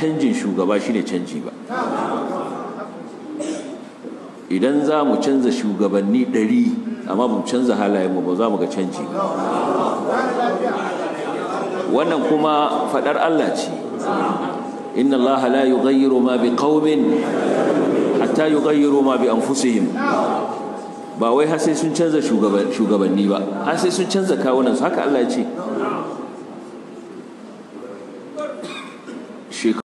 canjin shugaba shine canji ba idan za mu canza shugabanni ɗari amma ba mu canza halayenmu ba za mu ga canji wannan kuma faɗar Allah ce inna Allah la yughayyiru ma bi qaumin hatta yughayyiru ma bi anfusihim ba wai har sai sun canza shugabanni ba har sai sun canza kawunan su haka Allah ya ce